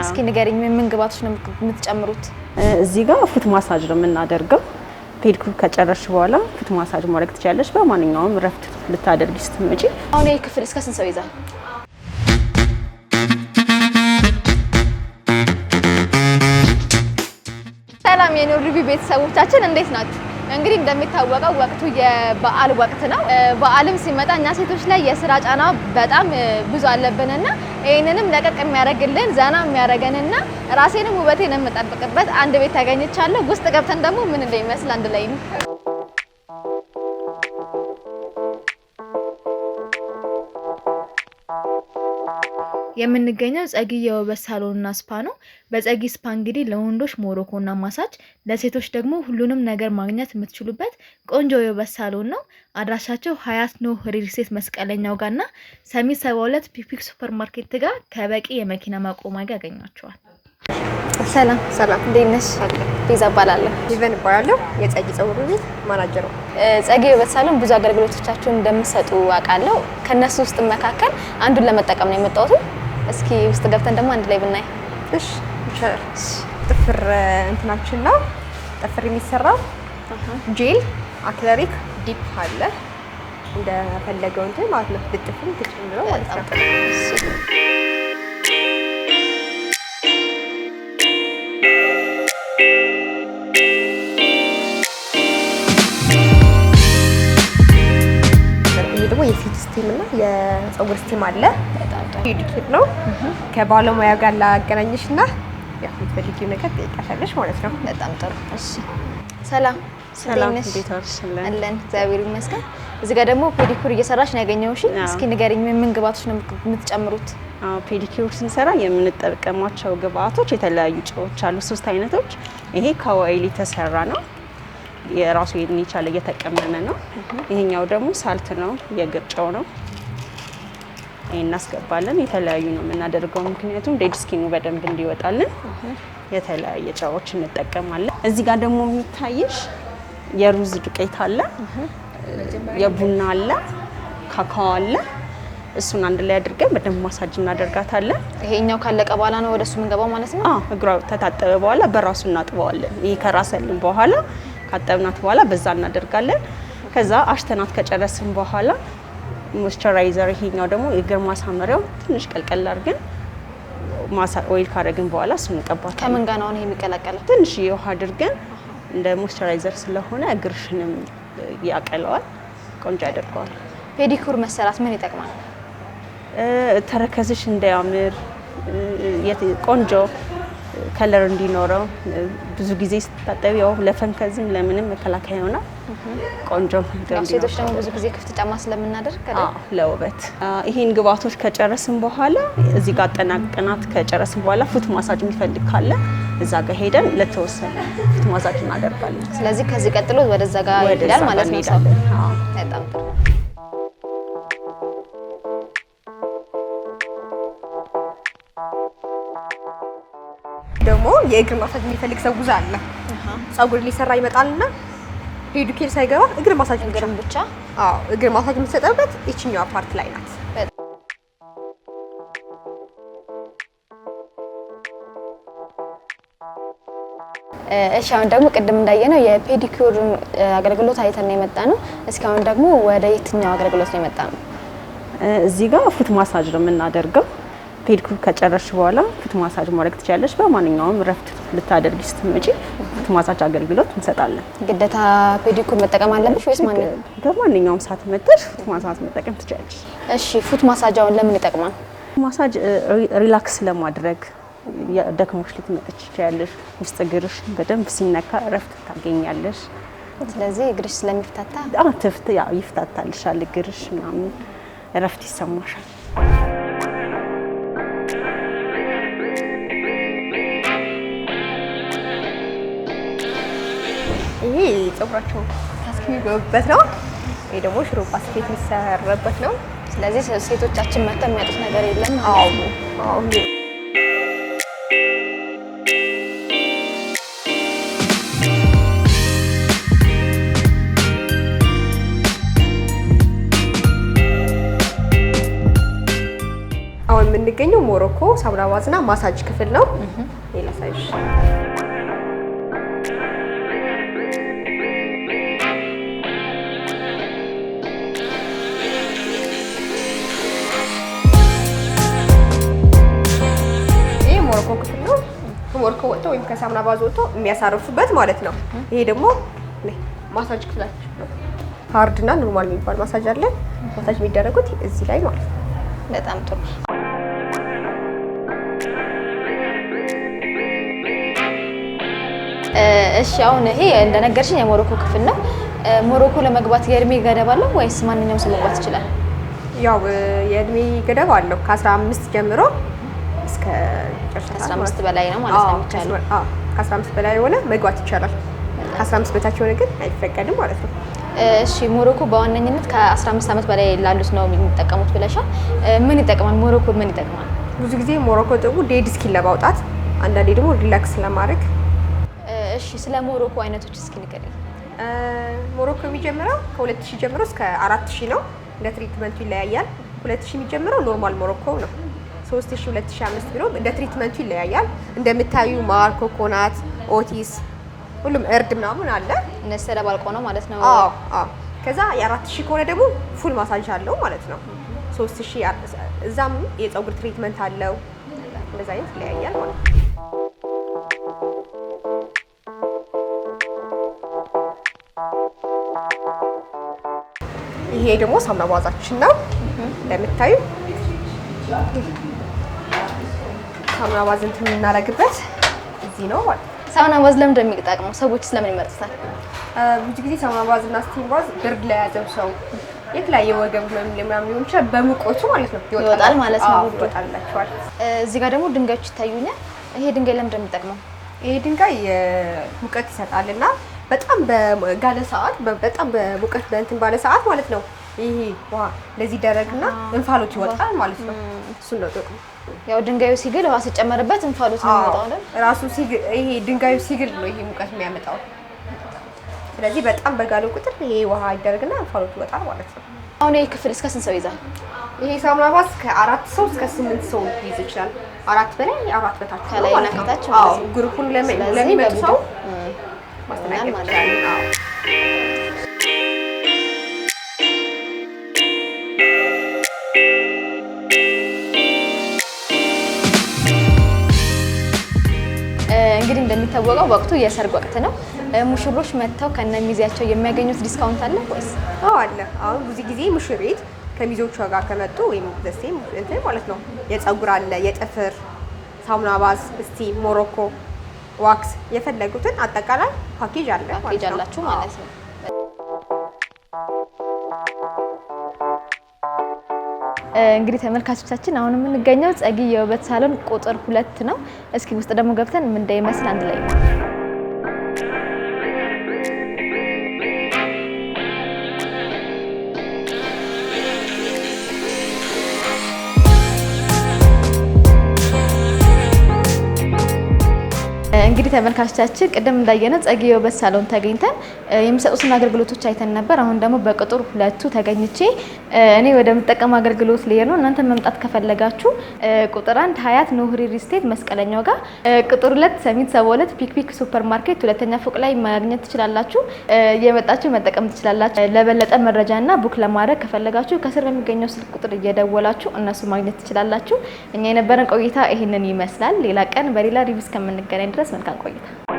እስኪ ንገሪኝ፣ ምን ምን ግባቶች ነው የምትጨምሩት? እዚህ ጋር ፉት ማሳጅ ነው የምናደርገው። ፔድኩ ከጨረሽ በኋላ ፉት ማሳጅ ማድረግ ትችላለሽ። በማንኛውም ረፍት ልታደርጊ ስትመጪ። አሁን ይህ ክፍል እስከ ስንት ሰው ይዛል? ሰላም የኖር ሪቪው ቤተሰቦቻችን እንዴት ናችሁ? እንግዲህ እንደሚታወቀው ወቅቱ የበዓል ወቅት ነው። በዓልም ሲመጣ እኛ ሴቶች ላይ የስራ ጫና በጣም ብዙ አለብንና ይህንንም ለቀቅ የሚያደርግልን ዘና የሚያደርገንና ራሴንም ውበቴን የምጠብቅበት አንድ ቤት ታገኝቻለሁ። ውስጥ ገብተን ደግሞ ምን እንደሚመስል አንድ ላይ ነው የምንገኘው ጸጊ የውበት ሳሎንና ስፓ ነው። በጸጊ ስፓ እንግዲህ ለወንዶች ሞሮኮና ማሳጅ፣ ለሴቶች ደግሞ ሁሉንም ነገር ማግኘት የምትችሉበት ቆንጆ የውበት ሳሎን ነው። አድራሻቸው ሀያት ኖ ሪል መስቀለኛው ጋር ጋርና ሰሚ ሰባ ሁለት ፒፒክ ሱፐር ማርኬት ጋር ከበቂ የመኪና ማቆሚያ ጋር ያገኟቸዋል። ሰላም ሰላም፣ እንዴት ነሽ? ቤዛ እባላለሁ። ሊቨን እባላለሁ። የጸጊ ጸጉር ቤት ማናጀር ነው። ጸጊ የውበት ሳሎን ብዙ አገልግሎቶቻችሁን እንደምትሰጡ አውቃለሁ። ከእነሱ ውስጥ መካከል አንዱን ለመጠቀም ነው የመጣሁት። እስኪ ውስጥ ገብተን ደግሞ አንድ ላይ ብናይ። እሺ ጥፍር እንትናችን ነው። ጥፍር የሚሰራው ጄል፣ አክለሪክ፣ ዲፕ አለ እንደፈለገው እንትን ማለት ነው። ብጥፍም ትጭምረው ማለት ነው። ደግሞ የፊት ስቲም እና የፀጉር ስቲም አለ። ዱቄት ነው። ከባለሙያ ጋር ላገናኘሽ እና የምትፈልጊው ነገር ትጠይቃታለሽ ማለት ነው። በጣም ጥሩ። እሺ ሰላም ሰላም፣ እንዴት አለን እግዚአብሔር ይመስገን። እዚህ ጋር ደግሞ ፔዲኩር እየሰራሽ ነው ያገኘሁሽ። እስኪ ንገሪኝ፣ ምን ግብአቶች ነው የምትጨምሩት? ፔዲኩር ስንሰራ የምንጠቀማቸው ግብአቶች የተለያዩ ጨዎች አሉ፣ ሶስት አይነቶች። ይሄ ከወይል የተሰራ ነው፣ የራሱ የቻለ እየተቀመመ ነው። ይሄኛው ደግሞ ሳልት ነው፣ የእግር ጨው ነው። እናስገባለን። የተለያዩ ነው የምናደርገው፣ ምክንያቱም ዴድ ስኪኑ በደንብ እንዲወጣልን የተለያየ ጨዎች እንጠቀማለን። እዚህ ጋር ደግሞ የሚታይሽ የሩዝ ዱቄት አለ፣ የቡና አለ፣ ካካዋ አለ። እሱን አንድ ላይ አድርገን በደንብ ማሳጅ እናደርጋታለን። ይሄኛው ካለቀ በኋላ ነው ወደሱ የምንገባው ማለት ነው። እግሯ ተታጠበ በኋላ በራሱ እናጥበዋለን። ይሄ ከራሰልን በኋላ ካጠብናት በኋላ በዛ እናደርጋለን። ከዛ አሽተናት ከጨረስን በኋላ ሞስቸራይዘር ይሄኛው ደግሞ የእግር ማሳመሪያው ትንሽ ቀልቀል አድርገን ማሳ ኦይል ካደረግን በኋላ ስንቀባት ከምን ጋር ነው ይሄ የሚቀላቀለው? ትንሽ የውሃ አድርገን እንደ ሞስቸራይዘር ስለሆነ እግርሽንም ያቀለዋል፣ ቆንጆ ያደርገዋል። ፔዲኩር መሰራት ምን ይጠቅማል? ተረከዝሽ እንዳያምር ቆንጆ ከለር እንዲኖረው ብዙ ጊዜ ስትታጠቢው ለፈንከዝም ለምንም መከላከያ ይሆናል። ቆንጆ ሴቶች ደግሞ ብዙ ጊዜ ክፍት ጫማ ስለምናደርግ ለውበት ይህን ግብአቶች ከጨረስን በኋላ እዚህ ጋር አጠናቅናት ከጨረስን በኋላ ፉት ማሳጅ የሚፈልግ ካለ እዛ ጋር ሄደን ለተወሰነ ፉት ማሳጅ እናደርጋለን። ስለዚህ ከዚህ ቀጥሎ ወደዛ ጋር ሄዳል ማለት ነው። በጣም ጥሩ ደግሞ የእግር ማሳጅ የሚፈልግ ሰው ብዙ አለ። ጸጉር ሊሰራ ይመጣልና ፔዲኩር ሳይገባ እግር ማሳጅ ብቻ። አዎ እግር ማሳጅ የምትሰጠበት ይችኛዋ ፓርት ላይ ናት። እሺ አሁን ደግሞ ቅድም እንዳየነው የፔዲኩር አገልግሎት አይተን ነው የመጣ ነው። እስካሁን ደግሞ ወደ የትኛው አገልግሎት ነው የመጣ ነው? እዚህ ጋር ፉት ማሳጅ ነው የምናደርገው። ፔዲኩር ከጨረሽ በኋላ ፉት ማሳጅ ማድረግ ትችላለሽ። በማንኛውም ረፍት ልታደርጊ ስትመጪ ፉት ማሳጅ አገልግሎት እንሰጣለን። ግዴታ ፔዲኩር መጠቀም አለብሽ ወይስ ማንኛውም? በማንኛውም ሰዓት መጥተሽ ፉት ማሳጅ መጠቀም ትችላለሽ? እሺ፣ ፉት ማሳጃውን ለምን ይጠቅማል? ማሳጅ ሪላክስ ለማድረግ ደክሞሽ ልትመጥች ትችያለሽ። ውስጥ እግርሽ በደንብ ሲነካ እረፍት ታገኛለሽ። ስለዚህ እግርሽ ስለሚፍታታ ይፍታታልሻል፣ እግርሽ ምናምን እረፍት ይሰማሻል። ይሄ ፀጉራቸው ታስክ የሚገቡበት ነው። ይሄ ደግሞ ሽሩባ ስፌት የሚሰራበት ነው። ስለዚህ ሴቶቻችን መጥተው የሚያጡት ነገር የለም። አዎ አዎ። አሁን የምንገኘው ሞሮኮ ሳብላባዝና ማሳጅ ክፍል ነው። ሌላ ሳይሽ የሚታወቀው ክፍል ነው። ወርክ ወጥቶ ወይም ከሳሙና ባዝ ወጥቶ የሚያሳርፉበት ማለት ነው። ይሄ ደግሞ ማሳጅ ክፍላቸው ነው። ሀርድ እና ኖርማል የሚባል ማሳጅ አለ። ማሳጅ የሚደረጉት እዚህ ላይ ማለት ነው። በጣም ጥሩ። እሺ አሁን ይሄ እንደነገርሽኝ የሞሮኮ ክፍል ነው። ሞሮኮ ለመግባት የእድሜ ገደብ አለው ወይስ ማንኛውም ሰው መግባት ይችላል? ያው የእድሜ ገደብ አለው ከአስራ አምስት ጀምሮ እስከ አስራ በላይ ነው ማለት ነው ከአስራ አምስት በላይ የሆነ መግባት ይቻላል። ከአስራ አምስት በታች የሆነ ግን አይፈቀድም ማለት ነው። እሺ ሞሮኮ በዋነኝነት ከ15 ዓመት በላይ ላሉት ነው የሚጠቀሙት ብለሻል። ምን ይጠቅማል ሞሮኮ ምን ይጠቅማል? ብዙ ጊዜ ሞሮኮ ጥቁ ዴድ ስኪን ለማውጣት አንዳንዴ ደግሞ ሪላክስ ለማድረግ። እሺ ስለ ሞሮኮ አይነቶች እስኪ ንገሪኝ። ሞሮኮ የሚጀምረው ከ2000 ጀምሮ እስከ 4000 ነው። እንደ ትሪትመንቱ ይለያያል። 2000 የሚጀምረው ኖርማል ሞሮኮ ነው። 3000፣ 2005 ብሎ እንደ ትሪትመንቱ ይለያያል። እንደምታዩ ማር፣ ኮኮናት፣ ኦቲስ ሁሉም እርድ ምናምን አለ። እነዚህ ተደባልቆ ነው ማለት ነው። አዎ አዎ። ከዛ የአራት ሺህ ከሆነ ደግሞ ፉል ማሳጅ አለው ማለት ነው። ሶስት እዛም የፀጉር ትሪትመንት አለው። እንደዛ አይነት ይለያያል ማለት ነው። ይሄ ደግሞ ሳሙና ባዛችን ነው እንደምታዩ ሳሙና ባዝ እንትን የምናደርግበት እዚህ ነው ማለት ነው። ሳሙና ባዝ ለምን እንደሚጠቅመው ሰዎች ስለምን ይመርጡታል? ብዙ ጊዜ ሳሙና ባዝ እና ስቲም ባዝ ብርድ ለያዘው ሰው የተለያየ ወገብ ምናምን ሊሆን ይችላል። በሙቆቱ ማለት ነው ይወጣል ማለት ነው ይወጣላቸዋል። እዚህ ጋር ደግሞ ድንጋዮች ይታዩኛል። ይሄ ድንጋይ ለምን እንደሚጠቅመው ይሄ ድንጋይ ሙቀት ይሰጣልና በጣም በጋለ ሰዓት በጣም በሙቀት በእንትን ባለ ሰዓት ማለት ነው ይሄ ውሃ እንደዚህ ይደረግና እንፋሎት ይወጣል ማለት ነው። እሱ ነው ጥቅሙ። ያው ድንጋዩ ሲግል ውሃ ሲጨመርበት እንፋሎት ነው የሚወጣው ራሱ ሲግል ይሄ ድንጋዩ ሲግል ነው ይሄ ሙቀት የሚያመጣው። ስለዚህ በጣም በጋለ ቁጥር ይሄ ውሃ ይደረግና እንፋሎት ይወጣል ማለት ነው። አሁን ይሄ ክፍል እስከ ስንት ሰው ይዛል? ይሄ ሳሙና ባስ ከአራት ሰው እስከ ስምንት ሰው ይይዝ ይችላል። አራት በላይ አራት በታች ከላይ ማለት ነው። ግሩፑን ለሚመጡ ሰው ማስተናገድ ይችላል። እንደሚታወቀው ወቅቱ የሰርግ ወቅት ነው። ሙሽሮች መጥተው ከነሚዜያቸው የሚያገኙት ዲስካውንት አለ ወይስ? አዎ አለ። አሁን ብዙ ጊዜ ሙሽሪት ከሚዜዎቿ ጋር ከመጡ ወይም ደሴ እንትን ማለት ነው የፀጉር አለ፣ የጥፍር ሳሙና፣ ባዝ፣ እስቲ ሞሮኮ፣ ዋክስ የፈለጉትን አጠቃላይ ፓኬጅ አለ ፓኬጅ አላችሁ ማለት ነው። እንግዲህ ተመልካቾቻችን አሁን የምንገኘው ጸግዬ የውበት ሳሎን ቁጥር ሁለት ነው። እስኪ ውስጥ ደግሞ ገብተን ምን እንደሚመስል አንድ ላይ እንግዲህ ተመልካቾቻችን ቅድም እንዳየነ ጸጌ የውበት ሳሎን ተገኝተን የሚሰጡትን አገልግሎቶች አይተን ነበር። አሁን ደግሞ በቁጥር ሁለቱ ተገኝቼ እኔ ወደምጠቀሙ አገልግሎት ልሄድ ነው። እናንተ መምጣት ከፈለጋችሁ ቁጥር አንድ ሀያት ኖህሪ ሪስቴት መስቀለኛው ጋር፣ ቁጥር ሁለት ሰሚት ሰባ ሁለት ፒክፒክ ሱፐር ማርኬት ሁለተኛ ፎቅ ላይ ማግኘት ትችላላችሁ። እየመጣችሁ መጠቀም ትችላላችሁ። ለበለጠ መረጃና ቡክ ለማድረግ ከፈለጋችሁ ከስር በሚገኘው ስልክ ቁጥር እየደወላችሁ እነሱ ማግኘት ትችላላችሁ። እኛ የነበረን ቆይታ ይህንን ይመስላል። ሌላ ቀን በሌላ ሪቪው እስከምንገናኝ ድረስ መልካም 难过一点。